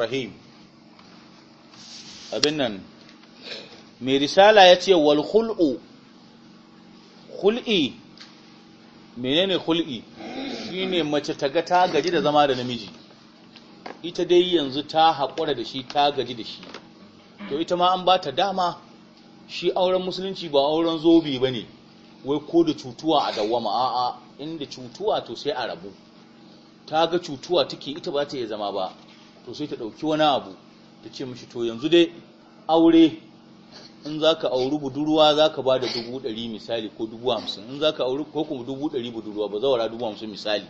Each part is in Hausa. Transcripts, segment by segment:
Fahim abin nan mai risala ya ce wal khul'u khul'i menene khul'i shine mace ta ga ta gaji da zama da namiji ita dai yanzu ta haƙura da shi ta gaji da shi to ita ma an ba ta dama shi auren musulunci ba auren zobe ba ne wai ko da cutuwa a dawwama a'a inda cutuwa to sai a rabu ta ga cutuwa take ita ba ta iya zama ba to sai ta ɗauki wani abu ta ce mashi to yanzu dai aure in za ka auri budurwa za ka ba da dubu ɗari misali ko dubu hamsin in za ka auri ko kuma dubu ɗari budurwa ba zawara dubu hamsin misali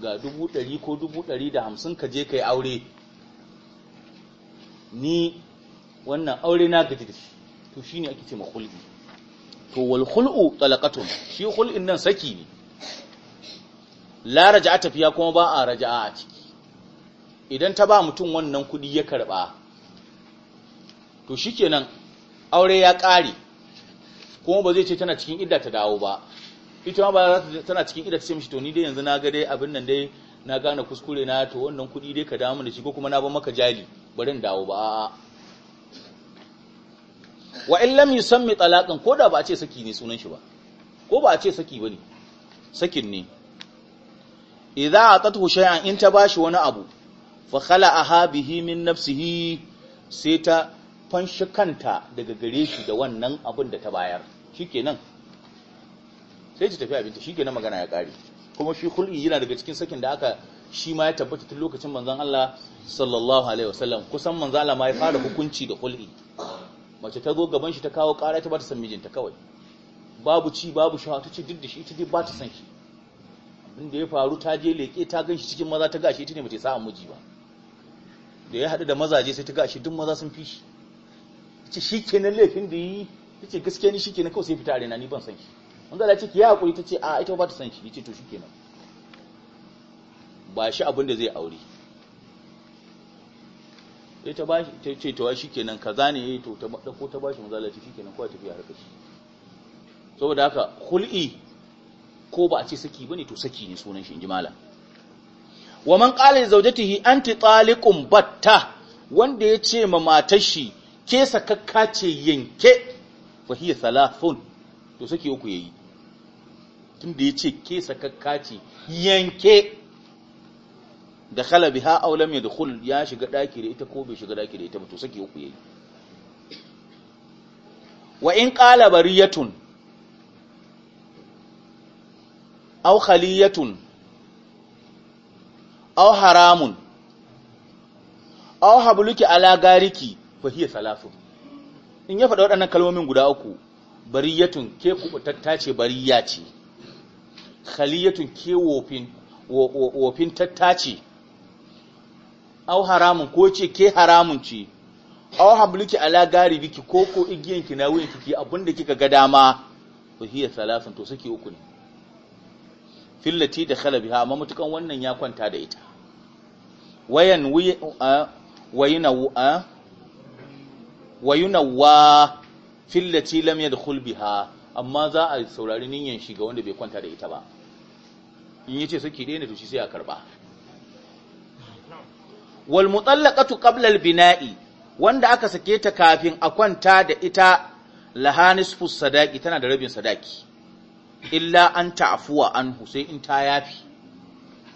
ga dubu ɗari ko dubu ɗari da hamsin ka je ka yi aure ni wannan aure na gaji da shi to shi ne ake ce makulki to wal hul'u talaqatun shi hul'in nan saki ne la raja'a tafiya kuma ba a raja'a a ciki idan ta ba mutum wannan kudi ya karba to shikenan aure ya ƙare, kuma ba zai ce tana cikin idda ta dawo ba ita ma ba tana cikin idda ta ce mishi to ni dai yanzu na ga dai abin nan dai na gane kuskure na to wannan kudi dai ka damu da shi ko kuma na ba maka jali bari in dawo ba a'a wa in lam yusammi talaqan ko da ba a ce saki ne sunan shi ba ko ba a ce saki bane sakin ne idza atatuhu shay'an in ta bashi wani abu fa a bihi min nafsihi sai ta fanshi kanta daga gare shi da wannan abin da ta bayar shikenan sai ta tafi abinta shikenan magana ya kare kuma shi khul'i yana daga cikin sakin da aka shi ma ya tabbata tun lokacin manzon Allah sallallahu alaihi wasallam kusan manzon Allah ma ya fara hukunci da khul'i mace ta zo gaban shi ta kawo kara ta ba ta san mijinta kawai babu ci babu shawa ta ce duk da shi ita dai ba ta san shi abin ya faru ta je leƙe ta gan shi cikin maza ta gashi ita ne mace sa'a miji ba da ya haɗu da mazaje sai ta ga shi duk maza sun fi shi ce shi nan laifin da yi ta ce gaske ni shi kenan kawai sai fita a rena ni ban san shi wanda da ce ki ya haƙuri ta ce a ita ba ta san shi ya ce to shi nan ba shi abinda zai aure sai ta ba ta ce to shi kenan kaza ne yayi eh to ta dauko ta ba shi mazalaci shi nan kawai tafiya harkar shi saboda haka hul'i ko ba a ce saki ba ne to saki ne sunan shi in ji malam wa man qala li zawjatihi anti taliqun batta wanda ya ce ma matar shi ke sakakka ce yanke fa hiya salafun to saki uku yayi tunda ya ce ke sakakka ce yanke da biha aw lam yadkhul ya shiga daki da ita ko bai shiga daki da ita ba to saki uku yayi wa in qala bariyatun aw khaliyatun aw haramun aw habluki ala gariki fa hiya salasu in ya faɗa waɗannan kalmomin guda uku bariyatun ke kubutatta ce bariya ce khaliyatun ke wofin wofin tattace aw haramun ko ce ke haramun ce aw habluki ala garibiki ko ko igiyanki na wuyanki ki abinda kika ga dama fa hiya salasun to suke uku ne fillati da khalabiha amma mutukan wannan ya kwanta da ita wayan wayunawa fillaci lam yadkhul biha amma za a saurari niyyar shi ga wanda bai kwanta da ita ba in yace saki dai ne to shi sai a karba wal mutallaqatu qabla al bina'i wanda aka sake ta kafin a kwanta da ita lahanis fus sadaqi tana da rabin sadaki illa an ta'fuwa anhu sai in ta yafi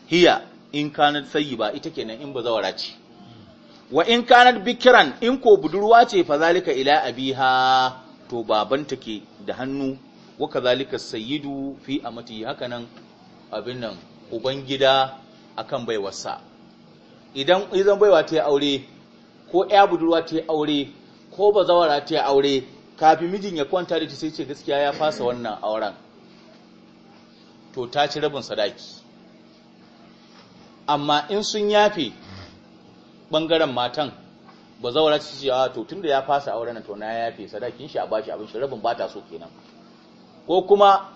hiya in sayi ba ita kenan in ba zawara ce wa in kanar bikiran in ko budurwa ce fa zalika ila abiha to babanta ke da hannu wa kazalika sayyidu fi amati hakanan abin nan ubangida akan baiwarsa idan idan baiwa ta yi aure ko ya budurwa ta yi aure ko ba zawara ta yi aure kafin mijin ya kwanta da ta sai ce gaskiya ya fasa wannan auren to ta ci rabin sadaki amma in sun yafe bangaren matan ba zaura ci ce a ah, to tunda ya fasa auren nan to na yafe sadakin shi a bashi abin shi rabin bata so kenan ko kuma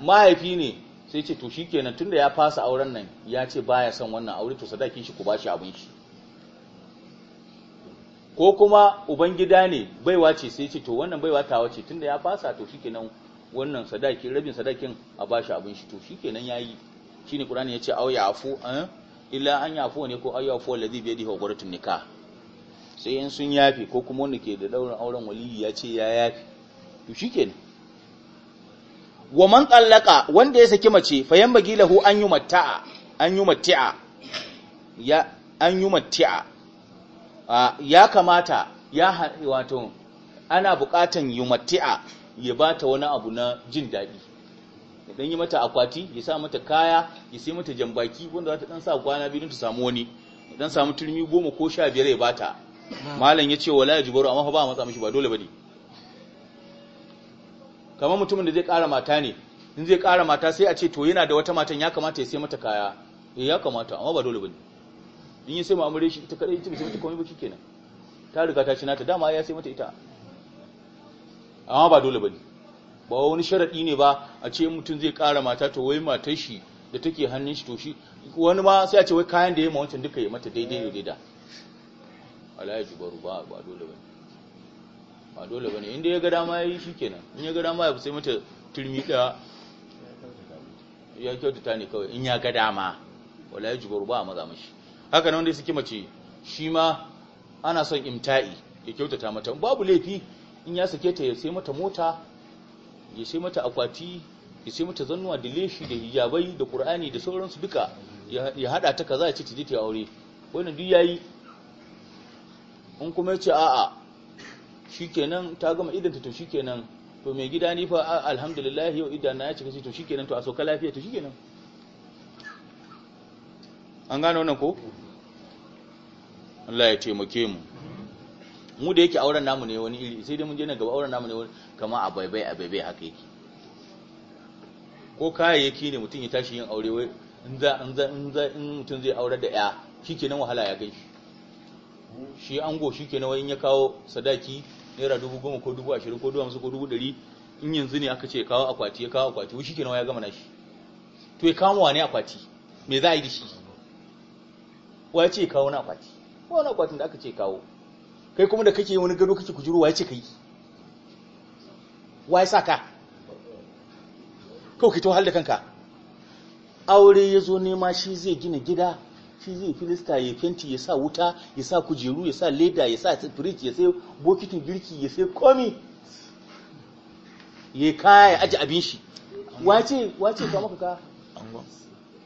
mahaifi ne sai ce to shikenan tunda ya fasa auren nan ya ce baya son wannan aure to sadakin shi ku bashi abin shi ko kuma ubangida ne baiwa ce sai ce to wannan baiwa tawa wace tunda ya fasa to shikenan wannan sadaki rabin sadakin a bashi abin shi to shikenan yayi shine qur'ani yace au ya afu an eh? illa an yafo ne ko ayyafu wallazi bi yadihi uqratun nikah sai in sun yafi ko kuma wanda ke da daurin auren waliyi ya ce ya yafi to shikenan wa man tsallaka wanda ya saki mace fayan bagilahu an yi matta'a an yi matti'a ya an yi matti'a ya kamata ya wato ana buƙatan yi matti'a ya bata wani abu na jin daɗi ya dan yi mata akwati ya sa mata kaya ya sai mata jambaki wanda za ta dan sa kwana biyu ta samu wani ya dan samu turmi goma ko sha biyar ya bata malam ya ce wala jibaru amma ba a matsa mishi ba dole ba ne. kamar mutumin da zai ƙara mata ne in zai ƙara mata sai a ce to yana da wata matan ya kamata ya sai mata kaya eh ya kamata amma ba dole ba ne. in ya sai mu shi ita kadai ita bace mata komai ba kenan ta riga ta ci nata dama ya sai mata ita amma ba dole ba ne. ba wani sharaɗi ne ba a ce mutum zai ƙara mata to wai matar shi da take hannun shi to shi wani ma sai a ce wai kayan da ya ma wancan duka ya mata daidai da daida ji baru ba ba dole bane ba dole bane inda ya ga dama yayi shikenan in ya ga dama ya sai mata turmi da ya kyautata ne kawai in ya ga dama wala ya jibaru ba a maza mashi haka nan wanda suke mace shi ma ana son imta'i ya kyautata mata babu laifi in ya sake ta ya sai mata mota ya sai mata akwati ya sai mata zannuwa da leshi da hijabai da qur'ani da sauransu duka ya hada ta kaza ya ce ta je ta aure wannan duk yayi in kuma ya ce a'a shikenan ta gama ta to shikenan to mai gida ni fa alhamdulillah yau idan na ya cika to shikenan to a sauka lafiya to shikenan an gano wannan ko Allah ya taimake mu mu da yake auren namu ne wani iri sai dai mun je na gaba auren namu ne kama a baibai a baibai haka yake ko kayayyaki ne mutum ya tashi yin aure wai in za in za in za in mutum zai aure da ya shikenan wahala ya kai shi shi ango shikenan wai in ya kawo sadaki naira dubu goma ko dubu ashirin ko dubu hamsin ko dubu ɗari in yanzu ne aka ce kawo akwati ya kawo akwati wai shikenan ya gama na shi? to ya kawo ne akwati me za a yi da shi wa ya ce kawo na akwati wani akwatin da aka ce kawo kai kuma da kake wani gado kake kujiro waye ce kai waye sa ka kawai kito hal da kanka aure ya zo nema shi zai gina gida shi zai filista ya fenti ya sa wuta ya sa kujeru ya sa leda ya sa firij ya sai bokitin girki ya sai komi ya kaya ya aji abin shi wace wace ka maka ka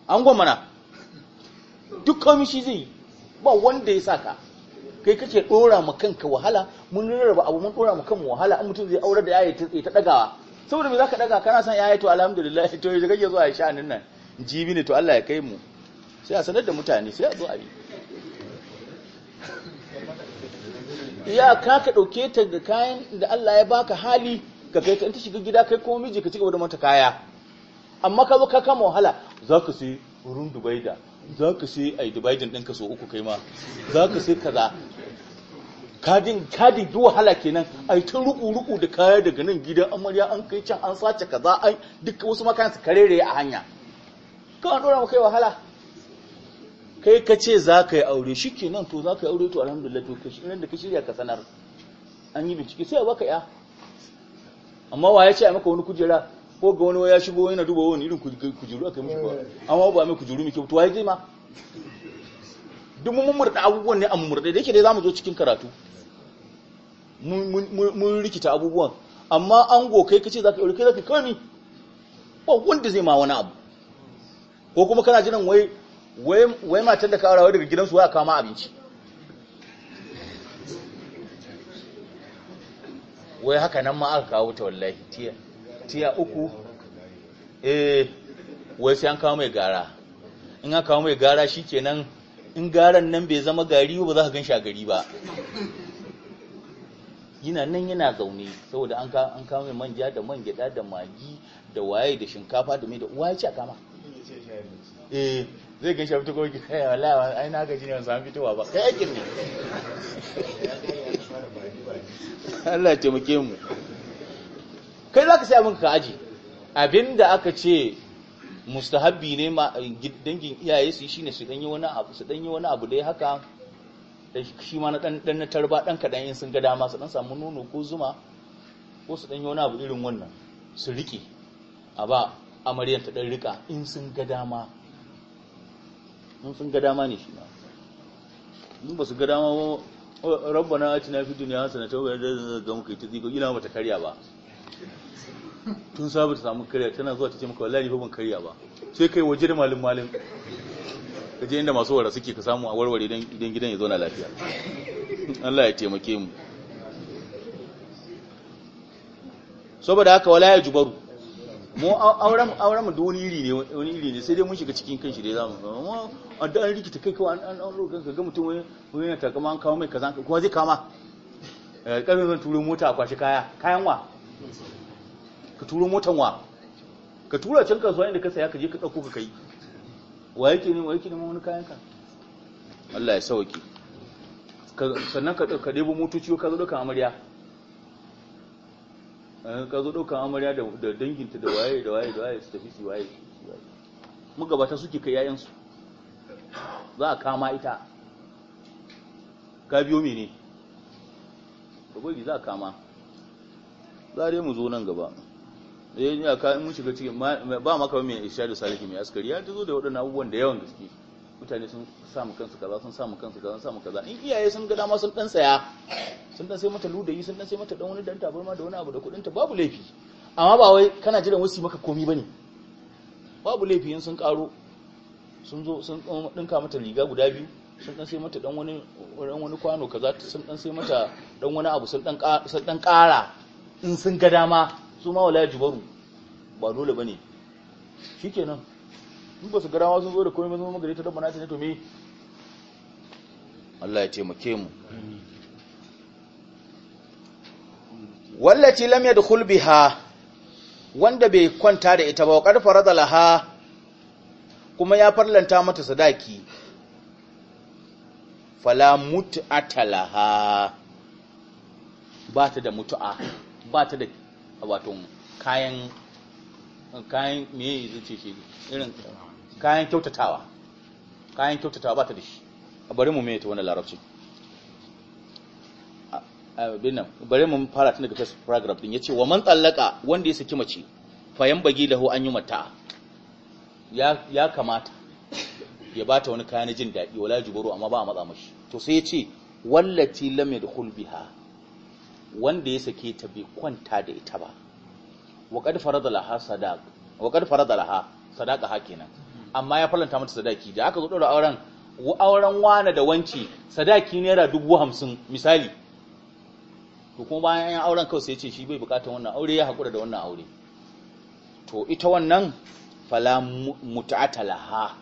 angon mana duk komi shi zai ba wanda ya sa ka kai kake dora ma kanka wahala mun rarraba abu mun dora ma kanmu wahala an mutum zai aure da yaya ta dagawa saboda me zaka daga kana san yaya to alhamdulillah to yaje kake zuwa Aisha nan nan jibi ne to Allah ya kai mu sai a sanar da mutane sai a zo a yi ya ka ka dauke ta ga kayan da Allah ya baka hali ka kai ta in ta shiga gida kai ko miji ka cigaba da mata kaya amma ka zo ka kama wahala zaka sai wurin Dubai da za ka sai a yi dividend ɗinka so uku kai ma za ka sai kaza kadin kadin yi wahala kenan a yi ta ruku-ruku da kaya daga nan gidan amarya an kai can an sace kaza a duk wasu makayan su karere a hanya kawai an dora kai wahala kai ka ce za ka yi aure shi kenan to za ka yi aure to alhamdulillah to kashi da ka shirya ka sanar an yi bincike sai a baka ya amma wa ya ce a maka wani kujera ko ga wani ya shigo yana duba wani irin kujeru aka yi mushi ba amma ba mai kujeru mai kyau to waye ma duk mun murda abubuwan ne a murda da yake dai zamu zo cikin karatu mun rikita abubuwan amma an go kai kace zaka aure kai zaka kami ba wanda zai ma wani abu ko kuma kana jiran wai wai wai matan da ka daga gidansu wai aka abinci wai haka nan ma aka kawo ta wallahi tiyar tiya uku eh wai sai an kawo mai gara in an kawo mai gara shikenan in garan nan bai zama gari ba za ka gan a gari ba yana nan yana zaune saboda an an kawo mai manja da man gyada da magi da waye da shinkafa da mai da uwa ya ce a kama eh zai gan shafi a fito ko ya eh, wallahi ai na gaji ne ban samu fitowa ba kai aikin ne Allah ya taimake mu kai za ka sai abin ka aji abin da aka ce mustahabbi ne dangin iyaye su yi ne su danyi wani abu su danyi wani abu dai haka shi ma na dan na tarba dan kadan in sun ga dama su dan samu nono ko zuma ko su danyi wani abu irin wannan su rike a ba amaryar ta dan rika in sun ga dama in sun ga dama ne shi ma in ba su ga dama oh, rabbana atina fid dunya hasanatan wa qina adhaban nar muka yi ta ziko ina mata karya ba tun sabu ta samu karya tana zuwa ta ce maka wallahi ban karya ba sai kai waje da malin malin ka je inda masu wara suke ka samu a warware idan gidan ya zo na lafiya Allah ya taimake mu saboda haka wala ya jubaru mu auren auren mu wani iri ne wani iri ne sai dai mun shiga cikin kanshi dai zamu mu adda an rikita kai kawai an an roƙan ka ga mutum wani wani takama an kawo mai kaza kuma zai kama eh, ƙarfin zan turo mota a kwashi kaya kayan wa ka turo motan wa ka tura can kasuwa inda ka saya ka je ka dauko ka kai wa yake ne wa yake ma wani kayan ka Allah ya sauke sannan ka ka debo motoci ka zo daukan amarya eh, ka zo daukan amarya da danginta da waye da waye da waye su tafi su waye magabata suke kai yayansu za a kama ita ka biyo mene ka gobe za a kama zare mu zo nan gaba eh ya ka mun shiga cikin ba maka mai da saliki mai askari ya zo da waɗannan abubuwan da yawan gaske mutane sun samu kansu kaza sun samu kansu kaza sun samu kaza in iyaye sun ga dama sun dan saya sun dan sai mata ludayi sun dan sai mata dan wani dan tabarma da wani abu da kudin ta babu laifi amma ba wai kana jiran wasu maka komi bane babu laifi in sun karo sun zo sun dinka mata riga guda biyu sun dan sai mata dan wani wani kwano kaza sun dan sai mata dan wani abu sun dan sun dan kara in sun ga dama su ma wala jubaru ba dole bane shikenan in ba su ga dama sun zo da komai mazan magare ta na ta ne to me Allah ya taimake mu wallati lam yadkhul biha wanda bai kwanta da ita ba wa karfa laha kuma ya farlanta mata sadaki fala mut'ata laha ba ta da mutu'a ba ta da wato kayan kayan meye zai ce shi irin kayan kyautatawa kayan kyautatawa ba ta da shi A bari mu meye ta wani larabci binnan bari mu fara tun daga first paragraph din yace wa man tsallaka wanda ya saki mace fayan bagi lahu an yi mata ya kamata ya bata wani kayan jin daɗi wala jiburu amma ba a matsa mashi to sai yace wallati lam yadkhul biha wanda ya sake ta bi kwanta da ita ba waƙar farada laha sadaq laha sadaqa ha kenan amma ya falanta mata sadaki da aka zo ɗora auren auren wane da wanci sadaki naira dubu hamsin misali to kuma bayan yan auren kawai sai ce shi bai bukatar wannan aure ya haƙura da wannan aure to ita wannan fala muta'ata laha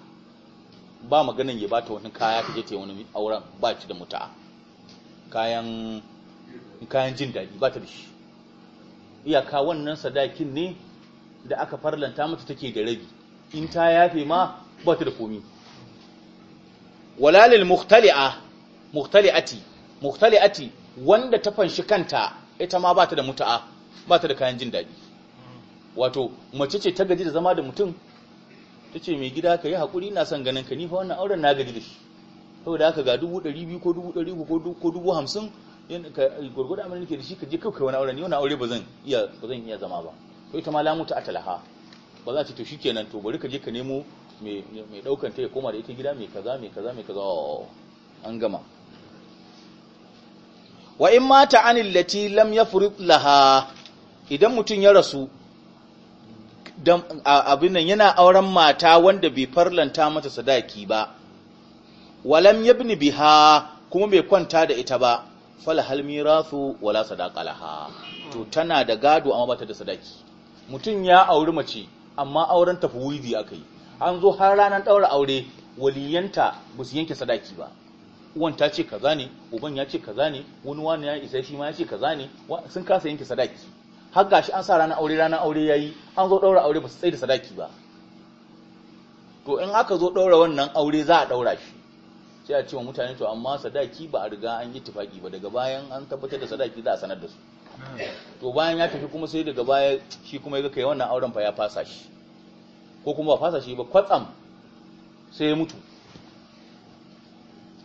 ba maganin ya bata wani kaya ta je ta yi wani auren ba ci da muta'a kayan kayan jin daɗi ba ta da shi iyaka wannan sadakin ne da aka farlanta mata take da rabi in ta yafe ma ba ta da komi walalil muhtali'a muhtali'ati muhtali'ati wanda ta fanshi kanta ita ma ba ta da muta'a ba ta da kayan jin daɗi wato mace ce ta gaji da zama da mutum ta ce mai gida ka yi haƙuri na son ganin ka ni fa wannan auren na gaji da shi saboda haka ga dubu ɗari biyu ko dubu ɗari ko dubu hamsin gurgudu abin da ke da shi ka je kai wani aure ni wani aure ba zan iya ba zan iya zama ba to ita ma lamu ta atalaha ba za ta to shikenan to bari ka je ka nemo mai mai daukan ta ya koma da ita gida mai kaza mai kaza mai kaza oh, an gama wa in mata anil lati lam yafrid laha idan mutun ya rasu dan abin nan yana auren mata wanda bai farlanta mata sadaki ba walam yabni biha kuma bai kwanta da ita ba fala hal mirasu wala sadaqa laha to tana da gado amma bata da sadaki mutum ya auri mace amma auren ta fuwidi akai an zo har ranar daura aure waliyanta ba su yanke sadaki ba uwan ta ce kaza ne uban ya ce kaza ne wani wani ya isa shi ma ya ce kaza ne sun kasa yanke sadaki har gashi an sa ranar aure ranar aure yayi an zo daura aure ba su tsaye da sadaki ba to in aka zo daura wannan aure za a daura shi sai a ce wa mutane to amma sadaki ba a riga an yi tufaki ba daga bayan an tabbatar da sadaki za a sanar da su to bayan ya tafi kuma sai daga baya shi kuma ya kai wannan auren fa ya fasa shi ko kuma ba fasa shi ba kwatsam sai ya mutu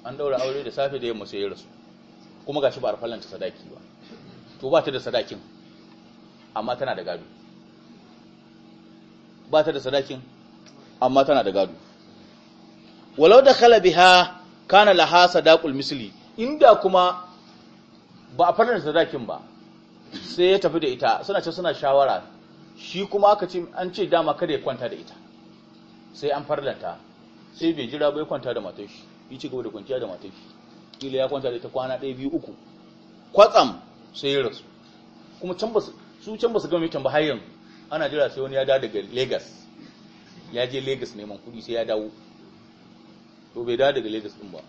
an daura aure da safe da yamma sai ya rasu kuma gashi ba a fallanta sadaki ba to ba ta da sadakin amma tana da gado ba ta da sadakin amma tana da gado walau da khala biha kana laha sadaqul misli inda kuma ba a fara sadakin ba sai ya tafi da ita suna ce suna shawara shi kuma aka ce an ce dama kada ya kwanta da ita sai an farlanta sai bai jira ba ya kwanta da matar shi yi ci gaba da kwanciya da matar shi kila ya kwanta da ita kwana ɗaya biyu uku kwatsam sai ya rasu kuma can basu su can basu gama mitan ba har yanzu ana jira sai wani ya dawo daga Lagos ya je Lagos neman kuɗi sai ya dawo to bai dawo daga Lagos din ba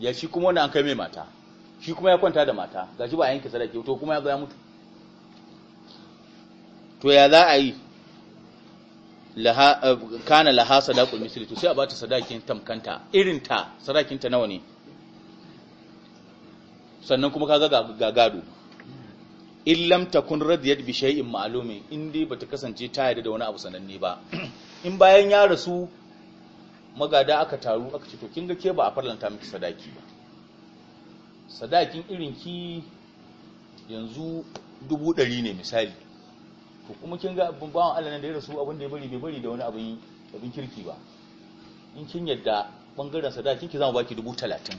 ya shi kuma wanda an kai mai mata shi kuma ya kwanta da mata gashi ba a yanke sadaki to kuma ya zo ya mutu to ya za a yi laha eh, kana laha sadaqul misli to sai a bata sadakin tamkanta irin ta sadakin ta nawa ne sannan kuma kaga ga gado in lam takun radiyat bi shay'in ma'lumin in dai bata kasance ta yarda da wani abu sananne ba in bayan ya rasu magada aka taru aka ce to kin ga ke ba a farlanta miki sadaki ba sadakin irin ki yanzu dubu ɗari ne misali to kuma kin ga abin bawan Allah da ya rasu abin da ya bari bai bari da wani abin abin kirki ba in kin yadda bangaren sadakin ki zamu baki dubu talatin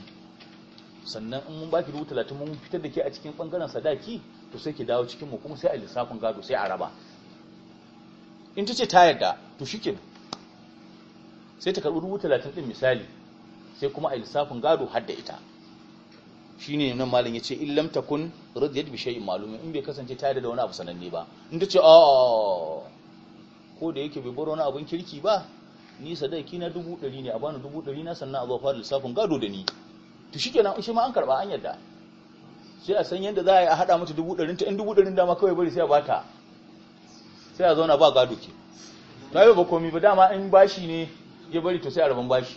sannan in mun baki dubu talatin mun fitar da ke a cikin bangaren sadaki to sai ki dawo cikin mu kuma sai a lissafin gado sai a raba in ta ce ta yarda to shikenan sai ta karɓi dubu talatin ɗin misali sai kuma a lissafin gado har ita shi ne nan malam ya ce illam ta kun radiyar shayin malumin in bai kasance ta da wani abu sananne ba in ta ce a ah, ko da yake bai bar wani abun kirki ba ni sadaki na dubu ɗari ne a bani dubu ɗari na sannan a zo fara lissafin gado da ni to shi kenan shi ma an karɓa an yarda sai a san yadda za a yi a haɗa mata dubu ɗarin ta in dubu ɗarin dama kawai bari sai a bata sai a zauna ba gado ke ta yi ba komi ba dama in bashi ne ya bari to sai a rabon bashi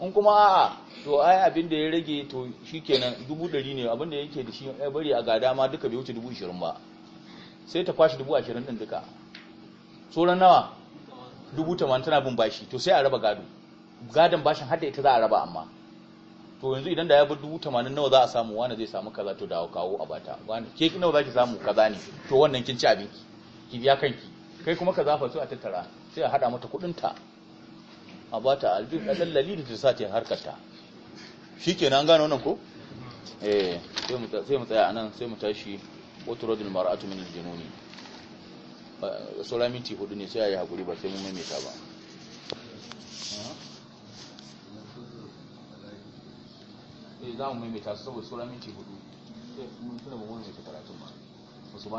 in kuma a'a to ai abin da ya rage to shikenan dubu ɗari ne abin da yake da shi ya bari a gada ma duka bai wuce dubu ashirin ba sai ta kwashe dubu ashirin ɗin duka tsoron nawa dubu tamanin tana bin bashi to sai a raba gado gadon bashin har ita za a raba amma to yanzu idan da ya bi dubu tamanin nawa za a samu wani zai samu kaza to dawo kawo a bata wani ke nawa za ki samu kaza ne to wannan kin ci abinki ki biya kanki kai kuma ka zafa su a tattara sai a haɗa mata kuɗinta a ba ta albin ɗan lalita ta sa ta harkarta shi ke nan gano nan ko? eh sai mu tsaya a nan sai mu tashi wata rodin mara'atu min jinoni saura minti hudu ne sai a yi haƙuri ba sai mun maimaita ba eh, za mu maimaita saboda saura minti hudu sai mun tuna ba mu maimaita karatun ba